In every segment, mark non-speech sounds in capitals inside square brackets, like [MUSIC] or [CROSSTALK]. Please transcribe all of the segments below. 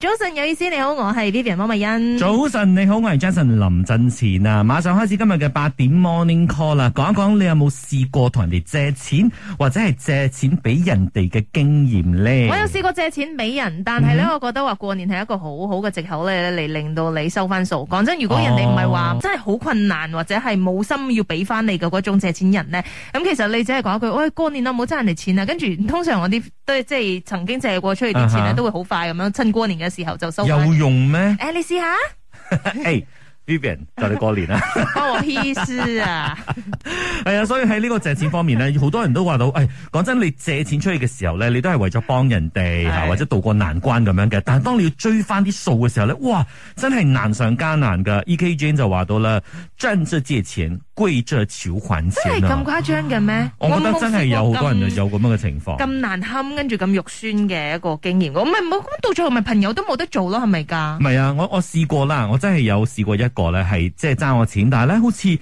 早晨，有意思你好，我係 Vivian 蒙慧欣。早晨你好，我係 Jason 林振前啊！馬上開始今日嘅八點 morning call 啦、啊，講一講你有冇試過同人哋借錢或者係借錢俾人哋嘅經驗咧？我有試過借錢俾人，但係咧，嗯、哼我覺得話過年係一個好好嘅藉口咧，嚟令到你收翻數。講真，如果人哋唔係話真係好困難或者係冇心要俾翻你嘅嗰種借錢人呢，咁其實你只係講一句，喂、哎、過年啊，冇爭人哋錢啊！跟住通常我啲。都即係曾經借過出去啲錢咧，都會好快咁、啊、哈樣，趁過年嘅時候就收。有用咩？誒、哎，你試下。誒， [LAUGHS] 哎、Vivian 就你過年啦，幫我屁事啊。係啊，所以喺呢個借錢方面咧，好 [LAUGHS] 多人都話到，誒、哎，講真，你借錢出去嘅時候咧，你都係為咗幫人哋啊，是或者渡過難關咁樣嘅。但係當你要追翻啲數嘅時候咧，哇，真係難上加難噶。E K Jane 就話到啦，真唔識借錢。貴著少款錢啊！係咁 [NOISE] 誇張嘅咩、啊？我覺得真係有好多人有咁樣嘅情況，咁難堪，跟住咁肉酸嘅一個經驗，我咪冇咁到最後，咪朋友都冇得做咯，係咪噶？唔係 [NOISE] 啊，我我試過啦，我真係有試過一個咧，係即係爭我錢，但係咧好似。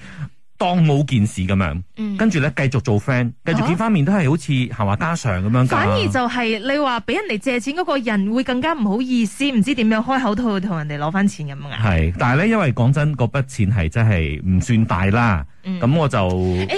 當冇件事咁樣，跟住咧繼續做 friend，繼續見翻面都係好似行話家常咁樣。反而就係你話俾人嚟借錢嗰個人會更加唔好意思，唔知點樣開口都要同人哋攞翻錢咁樣。係，但係咧因為講真，嗰筆錢係真係唔算大啦。咁我就誒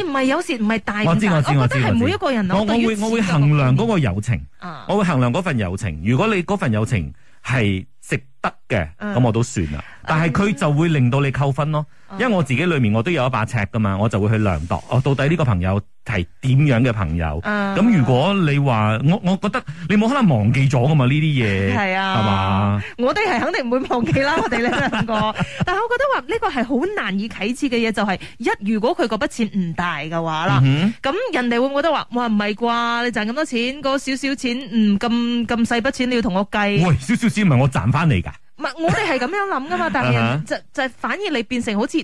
唔係有時唔係大。我知我知我知。我覺得係每一個人我會我會衡量嗰個友情，我會衡量嗰份友情。如果你嗰份友情係。值得嘅，咁、嗯、我都算啦。但係佢就會令到你扣分咯，嗯、因為我自己裏面我都有一把尺噶嘛，我就會去量度。我、哦、到底呢個朋友。係點樣嘅朋友？咁、uh huh. 如果你話我，我覺得你冇可能忘記咗噶嘛呢啲嘢，係啊，係嘛？Uh huh. 吧我哋係肯定唔會忘記啦， [LAUGHS] 我哋呢兩個。但係我覺得話呢個係好難以啟齒嘅嘢，就係、是、一如果佢嗰筆錢唔大嘅話啦，咁人哋會唔會覺得話：，哇唔係啩？你賺咁多錢，嗰少少錢，嗯，咁咁細筆錢，你要同我計？喂，少少錢唔係我賺翻嚟㗎。唔， [LAUGHS] 我哋係咁樣諗噶嘛，但係、uh huh. 就就反而你變成好似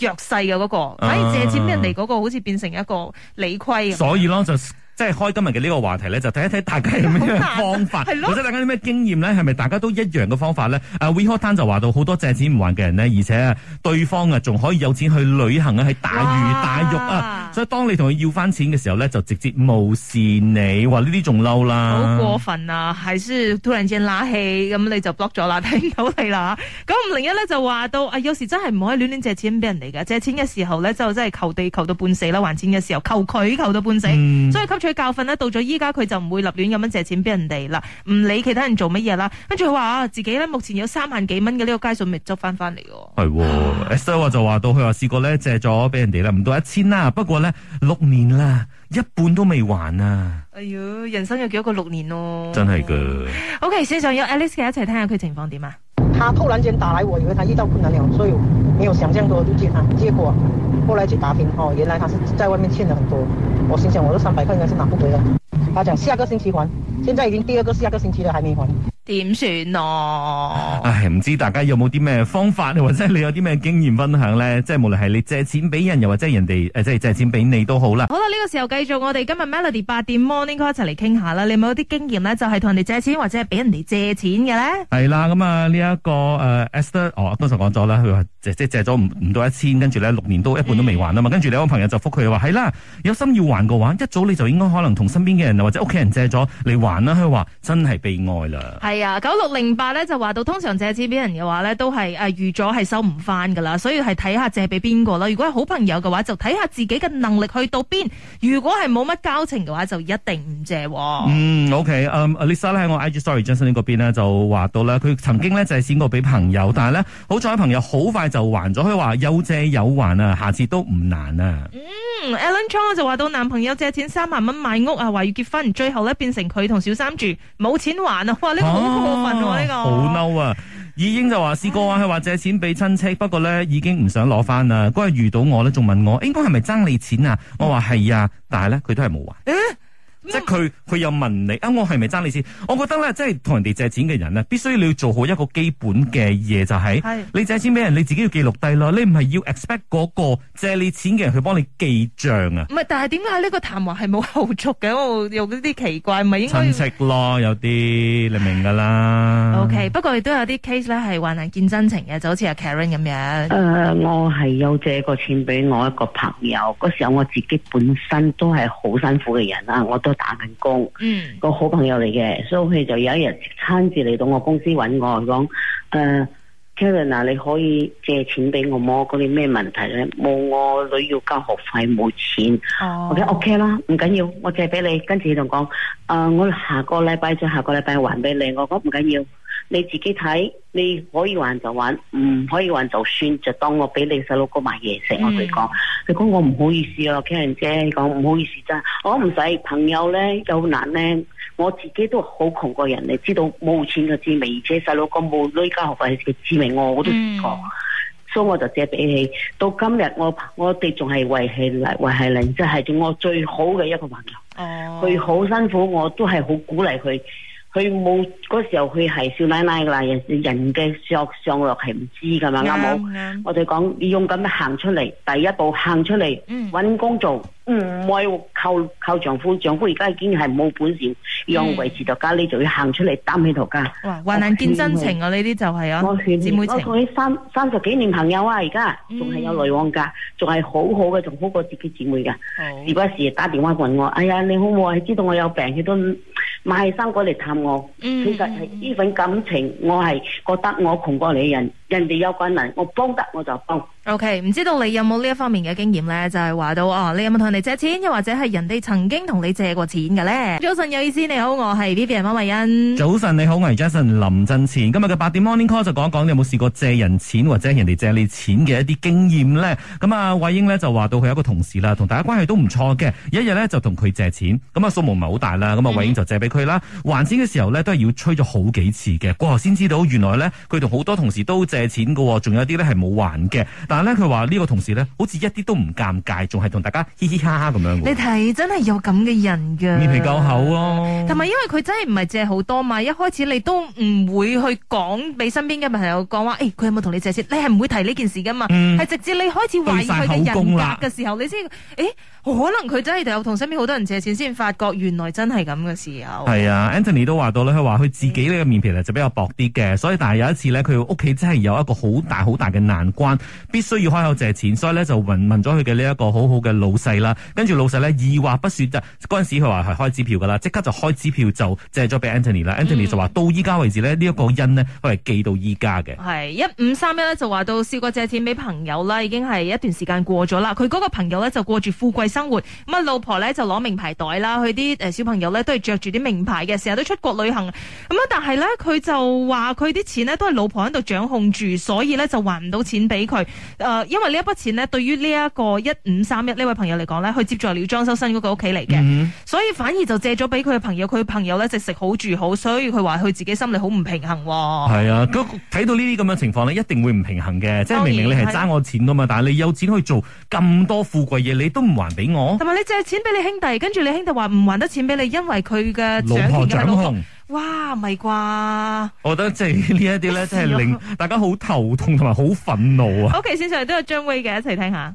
弱勢嘅嗰個，uh huh. 反而借錢俾人哋嗰個好似變成一個理虧、uh。Huh. 所以啦，就。 [LAUGHS] 即係開今日嘅呢個話題咧，就睇一睇大家有咩方法，或者大家有咩經驗咧，係咪大家都一樣嘅方法咧？阿、uh, Wee Hotan 就話到好多借錢唔還嘅人咧，而且啊，對方啊仲可以有錢去旅行啊，係大魚大肉哇啊，所以當你同佢要翻錢嘅時候咧，就直接無視你，話呢啲仲嬲啦，好過分啊，係先突然間拉氣，咁你就 block 咗啦，聽到你啦。咁五零一咧就話到啊，有時真係唔可以亂亂借錢俾人哋嘅，借錢嘅時候咧就真係求地求到半死啦，還錢嘅時候求佢求到半死，嗯、所以吸教訓咧，到咗依家佢就唔會立亂咁樣借錢俾人哋啦，唔理其他人做乜嘢啦。跟住佢話自己咧，目前有三萬幾蚊嘅呢個街數未執翻翻嚟嘅。係，所以我就話到，佢話試過咧，借咗俾人哋啦，唔到一千啦。不過咧，六年啦，一半都未還啊。哎喲，人生有幾多個六年咯？真係噶。OK，綫上有 Alex 一齊聽下佢情況點啊？他突然間打來我，我以為他遇到困難了，所以沒有想象到就接他，結果。後來去打聽，哦，原來他是在外面欠了很多，哦，我心想我這三百塊應該是拿不回了，他講下個星期還，現在已經第二個下個星期了，還沒還。點算咯？啊、唉，唔知大家有冇啲咩方法，或者你有啲咩經驗分享咧？即係無論係你借錢俾人，又或者人哋誒、呃，即係借錢俾你都好啦。好啦，呢、這個時候繼續我哋今日 Melody 八點 Morning Call 一齊嚟傾下啦。你有冇啲經驗咧？就係同人哋借錢，或者係俾人哋借錢嘅咧？係啦，咁啊呢一個誒、呃、Esther，我、哦、剛才講咗啦，佢話借借借咗唔唔到一千，跟住咧六年都一半都未還啊嘛。跟住咧我朋友就複佢話係啦，有心要還嘅話，一早你就應該可能同身邊嘅人或者屋企人借咗你還啦。佢話真係悲哀啦。係啊，九六零八咧就話到，通常借錢俾人嘅話咧都係誒預咗係收唔翻噶啦，所以係睇下借俾邊個啦。如果係好朋友嘅話，就睇下自己嘅能力去到邊。如果係冇乜交情嘅話，就一定唔借哦。嗯，OK，誒、um，Lisa 咧喺我 IG Sorry Johnson 嗰邊咧就話到咧，佢曾經咧借錢過俾朋友，但係咧好彩朋友好快就還咗，佢話有借有還啊，下次都唔難啊。嗯 Alan Chong 就話到男朋友借錢三萬蚊買屋啊，話要結婚，最後咧變成佢同小三住，冇錢還啊！哇，呢個好過分喎，呢個好嬲啊！已英就話試過啊，佢話借錢俾親戚，不過咧已經唔想攞翻啦。嗰日遇到我咧，仲問我應該係咪爭你錢啊？我話係啊，但係咧佢都係冇還。啊即係佢，佢又、嗯、問你啊，我係咪爭你先？我覺得咧，即係同人哋借錢嘅人咧，必須你要做好一個基本嘅嘢，就係、係、你借錢俾人，你自己要記錄低咯。你唔係要 expect 嗰個借你錢嘅人去幫你記賬啊？唔係，但係點解呢個談話係冇後續嘅？我用啲啲奇怪，咪係應該親戚咯，有啲你明㗎啦。OK，不過亦都有啲 case 咧係患難見真情嘅，就好似阿 Karen 咁樣。誒、呃，我係有借過錢俾我一個朋友，嗰時候我自己本身都係好辛苦嘅人啦，我都。嗯、打緊工，個好朋友嚟嘅，所以佢就有一日親自嚟到我公司搵我講，誒、呃、，Kelvin a 你可以借錢俾我冇？講，你咩問題咧？冇，我女要交學費冇錢。哦、我講 O K 啦，唔緊要，我借俾你，跟住佢就講，誒、呃，我下個禮拜再下個禮拜還俾你，我講唔緊要。你自己睇，你可以還就還，唔、嗯、可以還就算，就當我俾你細佬哥買嘢食。我佢講，佢講、嗯、我唔好意思啊，Ken 姐，你講唔好意思真、啊。我唔使朋友咧，好難咧，我自己都好窮過人哋，你知道冇錢嘅滋味，而且細佬哥冇累交學費嘅滋味，我都唔講。所以、嗯 so、我就借俾你。到今日我我哋仲係維繫嚟，維繫嚟，真、就、係、是、我最好嘅一個朋友。佢好、哎、呦辛苦，我都係好鼓勵佢。.佢冇嗰時候，佢係少奶奶噶啦，人嘅上落係唔知噶嘛，啱冇，我哋講你勇敢噉樣行出嚟，第一步行出嚟，搵、嗯、工作。唔係靠靠丈夫，丈夫而家竟然係冇本事，嗯、要維持到家，你就要行出嚟擔起頭家。哇，患難見真情啊！呢啲、嗯、就係、是、啊，我姐妹情我同佢三三十幾年朋友啊，而家仲係有來往噶，仲係好好嘅，仲好過自己姊妹噶。時不時打電話問我，是哎呀，你好唔好，你知道我有病，佢都買生果嚟探我。嗯、其實係呢份感情，我係覺得我窮過你人，人哋有困難，我幫得我就幫。O K，唔知道你有冇呢一方面嘅經驗咧？就係、是、話到哦，你有冇同人哋借錢，又或者係人哋曾經同你借過錢嘅咧？早晨，有意思，你好，我係 Vivian 馬慧欣。早晨，你好，我係 Jason 林振前。今日嘅八點 Morning Call 就講一講你有冇試過借人錢或者人哋借你錢嘅一啲經驗咧？咁、嗯、啊，慧英咧就話到佢有一個同事啦，同大家關係都唔錯嘅。有一日咧就同佢借錢，咁啊數目唔係好大啦。咁啊慧英就借俾佢啦，嗯、還錢嘅時候咧都係要催咗好幾次嘅，過後先知道原來咧佢同好多同事都借錢噶，仲有啲咧係冇還嘅。但係咧，佢話呢個同事咧，好似一啲都唔尷尬，仲係同大家嘻嘻哈哈咁樣。你睇，真係有咁嘅人㗎。面皮夠厚咯、哦。同埋因為佢真係唔係借好多嘛，一開始你都唔會去講俾身邊嘅朋友講話，誒、哎，佢有冇同你借錢？你係唔會提呢件事噶嘛？係、嗯、直至你開始懷疑佢嘅人格嘅時候，你先誒。哎可能佢真係有同身邊好多人借錢，先發覺原來真係咁嘅時候。係啊 [NOISE] ，Anthony 都話到咧，佢話佢自己呢個面皮就比較薄啲嘅，所以但係有一次咧，佢屋企真係有一個好大好大嘅難關，必須要開口借錢，所以咧就問問咗佢嘅呢一個好好嘅老細啦。跟住老細咧，二話不說就嗰陣時佢話係開支票噶啦，即刻就開支票就借咗俾 Anthony 啦、嗯。Anthony 就話到依家為止呢，呢、這、一個恩呢，佢係記到依家嘅。係一五三一咧就話到試過借錢俾朋友啦，已經係一段時間過咗啦。佢嗰個朋友咧就過住富貴。生活咁啊，老婆咧就攞名牌袋啦，佢啲誒小朋友咧都係着住啲名牌嘅，成日都出國旅行。咁啊，但係咧佢就話佢啲錢呢都係老婆喺度掌控住，所以咧就還唔到錢俾佢。誒、呃，因為呢一筆錢呢，對於呢一個一五三一呢位朋友嚟講咧，佢接住了裝修新嗰個屋企嚟嘅，嗯、所以反而就借咗俾佢嘅朋友。佢嘅朋友咧就食好住好，所以佢話佢自己心裏好唔平衡、哦。係啊、嗯，咁睇 [LAUGHS] 到呢啲咁嘅情況咧，一定會唔平衡嘅。然即係明明你係爭我錢㗎嘛，對但係你有錢去做咁多富貴嘢，你都唔還俾。俾我，同埋你借錢俾你兄弟，跟住你兄弟話唔還得錢俾你，因為佢嘅長紅老公婆，老婆哇，唔係啩？我覺得即係呢一啲咧，真係令大家好頭痛同埋好憤怒啊 [LAUGHS] ！OK，先上嚟，都有張威嘅，一齊聽下。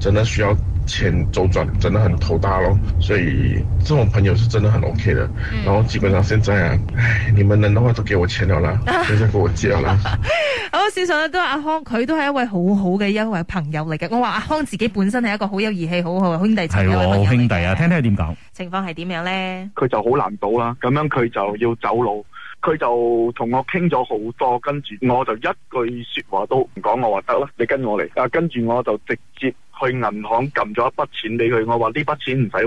真的需要錢周轉，真的很頭大咯，所以這種朋友是真的很 OK 的。嗯、然後基本上現在啊，唉，你們能的話都給我錢了啦，直接 [LAUGHS] 給我借啦。 [LAUGHS] 好，事實上都阿康，佢都係一位好好嘅一位朋友嚟嘅。我話阿康自己本身係一個好有義氣、好好嘅兄弟情嘅、就是、一係、哦、兄弟啊，聽聽佢點講？情況係點樣咧？佢就好難倒啦，咁樣佢就要走路。佢就同我傾咗好多，跟住我就一句說話都唔講，我話得啦，你跟我嚟。啊，跟住我就直接去銀行撳咗一筆錢俾佢，我話呢筆錢唔使還。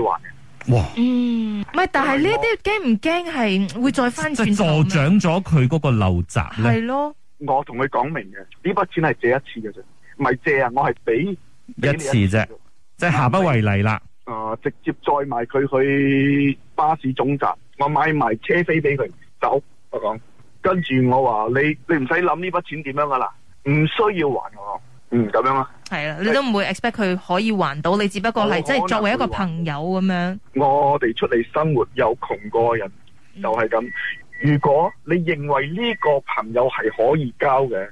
哇，嗯，唔係，但係呢啲驚唔驚係會再翻轉就助長？即係咗佢嗰個留值咧？係咯，我同佢講明嘅，呢筆錢係借一次嘅啫，唔係借啊，我係俾一次啫，次即係下不為例啦。啊、呃，直接載埋佢去巴士總站，我買埋車飛俾佢走。我講，跟住我話你，你唔使諗呢筆錢點樣噶啦，唔需要還我。嗯，咁樣啊，係啊，你都唔會 expect 佢可以還到你，只不過係、哦、即係作為一個朋友咁樣。我哋出嚟生活又窮過人就，就係咁。如果你認為呢個朋友係可以交嘅。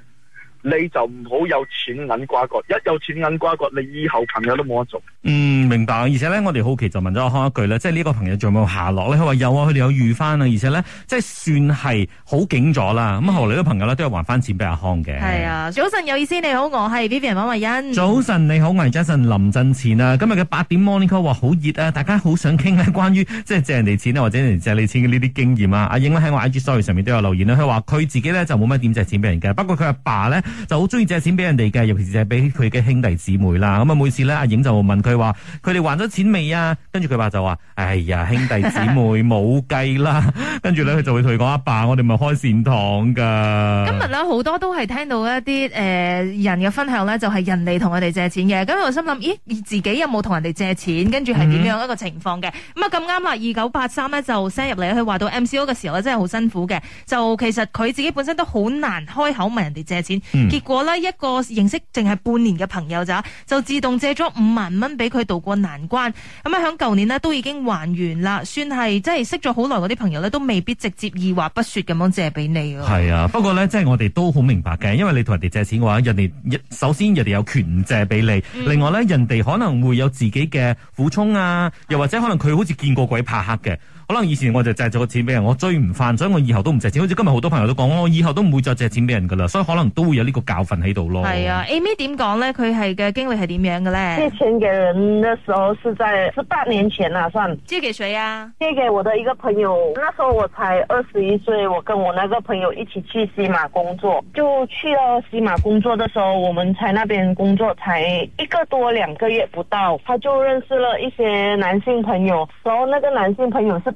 你就唔好有錢銀瓜葛。一有錢銀瓜葛，你以後朋友都冇得做。嗯，明白。而且咧，我哋好奇就問咗阿康一句啦，即係呢個朋友仲有冇下落咧？佢話有啊，佢哋有預翻啊，而且咧，即係算係好景咗啦。咁後嚟啲朋友咧都係還翻錢俾阿康嘅。係啊，早晨有意思，你好，我係 Vivian 王慧欣。早晨你好，我係 Jason 林振前啊，今日嘅八點 Morning Call 話好熱啊，大家好想傾嘅關於即係借人哋錢啊，或者借，借你錢嘅呢啲經驗啊。阿英喺我 IG Story 上面都有留言啦，佢話佢自己咧就冇乜點借錢俾人嘅，不過佢阿爸咧。就好中意借錢俾人哋嘅，尤其是借俾佢嘅兄弟姊妹啦。咁、嗯、啊，每次咧，阿影就問佢話：佢哋還咗錢未啊？跟住佢話就話：哎呀，兄弟姊妹冇計 [LAUGHS] 啦。跟住咧，佢就會同佢講：阿爸,爸，我哋咪開善堂噶。今日咧好多都係聽到一啲誒、呃、人嘅分享咧，就係、是、人哋同我哋借錢嘅。咁我心諗：咦，自己有冇同人哋借錢？跟住係點樣一個情況嘅？咁啊咁啱啦，二九八三咧就 send 入嚟，佢話到 M C O 嘅時候咧，真係好辛苦嘅。就其實佢自己本身都好難開口問人哋借錢。嗯、結果呢，一個認識淨係半年嘅朋友咋，就自動借咗五萬蚊俾佢渡過難關。咁啊，響舊年呢，都已經還完啦，算係即係識咗好耐嗰啲朋友咧，都未必直接二話不說咁樣借俾你嘅。係啊，不過呢，即係我哋都好明白嘅，因為你同人哋借錢嘅話，人哋首先人哋有權借俾你，另外呢，人哋可能會有自己嘅苦衷啊，又或者可能佢好似見過鬼怕黑嘅。可能以前我就借咗個錢俾人，我追唔翻，所以我以後都唔借錢。好似今日好多朋友都講，我、哦、以後都唔會再借錢俾人噶啦，所以可能都會有呢個教訓喺度咯。係啊，Amy 點講呢？佢係嘅經歷係點樣嘅呢？借錢給人嘅時候是在十八年前啦，算借給誰啊？借給我的一個朋友，那時候我才二十一歲，我跟我那個朋友一起去西馬工作，就去到西馬工作的時候，我們在那邊工作才一個多兩個月不到，他就認識了一些男性朋友，然後那個男性朋友是。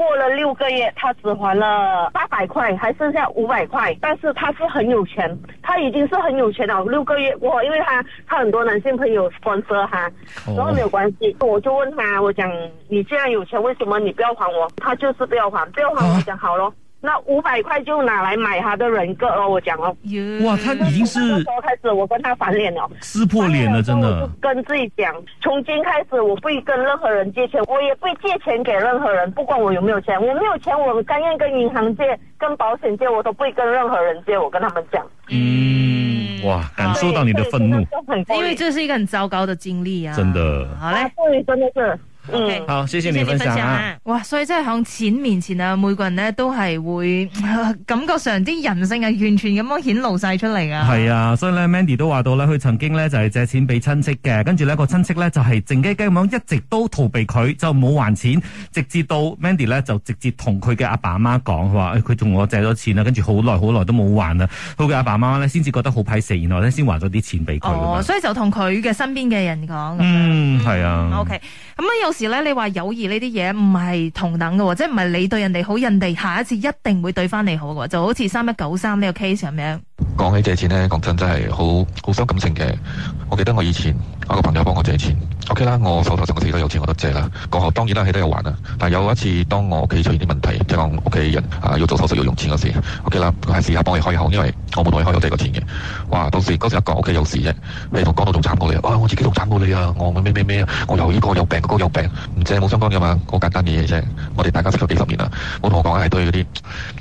過了六個月，他只還了八百塊，還剩下五百塊。但是他是很有錢，他已經是很有錢了。六個月過，因為他，他很多男性朋友光車哈，然後沒有關係。我就問他，我講你既然有錢，為什麼你不要還我？他就是不要還，不要還。我講，講、啊、好咯。那五百塊就拿來買他的人格咯，我講咯。哇，他已經是。時候開始我跟他翻臉了，撕破臉了，真的。跟自己講，從今開始，我不會跟任何人借錢，我也不會借錢給任何人，不管我有沒有錢。我沒有錢，我甘願跟銀行借，跟保險借，我都不會跟任何人借。我跟他們講。嗯，哇，感受到你的憤怒，因為這是一個很糟糕的經歷啊，真的。好嘞，對，真的是。嗯 Okay.，謝謝你分享，哇，所以真係向錢面前啊，每個人咧都係會、呃、感覺上啲人性啊，完全咁樣顯露晒出嚟啊。係、嗯、啊，所以咧，Mandy 都話到咧，佢曾經咧就係借錢俾親戚嘅，跟住呢個親戚咧就係靜雞雞咁樣一直都逃避佢，就冇還錢，直至到 Mandy 咧就直接同佢嘅阿爸阿媽講，佢話佢同我借咗錢啊。跟住好耐好耐都冇還啊。佢嘅阿爸阿媽咧先至覺得好批死，然後咧先還咗啲錢俾佢，哦。所以就同佢嘅身邊嘅人講。嗯，係啊。O K，咁啊有。你話友誼呢啲嘢唔係同等嘅，即係唔係你對人哋好，人哋下一次一定會對翻你好嘅，就好似三一九三呢個 case 咁樣。講起借錢呢，講真真係好好傷感情嘅。我記得我以前我有個朋友幫我借錢。O K 啦，okay，我手頭上嘅事都有錢，我都借啦。過後當然啦，係都有還啦。但係有一次，當我屋企出現啲問題，即係講屋企人啊要做手術要用錢嗰時，O、okay, K 啦，佢係試下幫你開口，因為我冇同你開口借過錢嘅。哇，到時嗰時阿哥屋企有事啫，你同講到仲慘過你啊！我自己仲慘過你啊！我咩咩咩啊！我又呢個有病，嗰、那個有病，唔借冇相干噶嘛，好簡單嘅嘢啫。我哋大家識咗幾十年啦，我同我講係對嗰啲。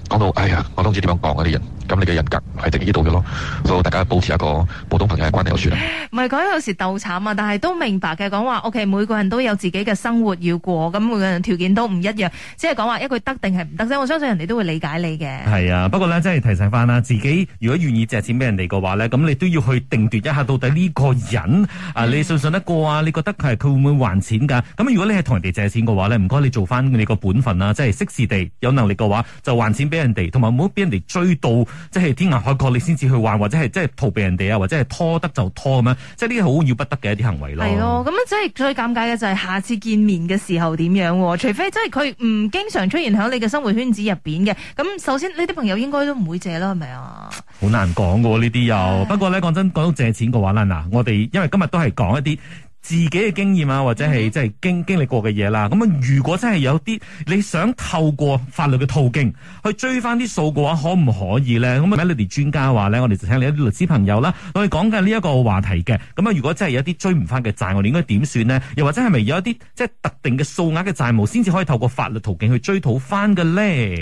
講到哎呀，我都唔知點樣講啊！啲人咁你嘅人格係定喺呢度嘅咯，嗯、所以大家保持一個普通朋友嘅關係就算啦。唔係講有時鬥慘啊，但係都明白嘅。講話 O K，每個人都有自己嘅生活要過，咁每個人條件都唔一樣，只係講話一句得定係唔得啫。我相信人哋都會理解你嘅。係啊，不過咧，真係提醒翻啦，自己如果願意借錢俾人哋嘅話咧，咁你都要去定奪一下到底呢個人啊，你信唔信得過啊？你覺得佢係佢會唔會還錢㗎？咁如果你係同人哋借錢嘅話咧，唔該你做翻你個本分啦、啊，即係適時地有能力嘅話就還錢俾。有有人哋，同埋唔好俾人哋追到，即係天涯海角你先至去還，或者係即係逃避人哋啊，或者係拖得就拖咁樣，即係呢啲好要不得嘅一啲行為咯。係咯、嗯，咁樣即係最尷尬嘅就係下次見面嘅時候點樣？除非即係佢唔經常出現喺你嘅生活圈子入邊嘅。咁首先呢啲朋友應該都唔會借啦，係咪啊？好難講嘅呢啲又，唉不過咧，講真講到借錢嘅話啦，嗱，我哋因為今日都係講一啲。自己嘅經驗啊，或者係即係經經歷過嘅嘢啦。咁啊，如果真係有啲你想透過法律嘅途徑去追翻啲數嘅話，可唔可以咧？咁啊，Melody 專家話咧，我哋就請你一啲律師朋友啦，我哋講緊呢一個話題嘅。咁啊，如果真係有啲追唔翻嘅債，我哋應該點算咧？又或者係咪有一啲即係特定嘅數額嘅債務先至可以透過法律途徑去追討翻嘅咧？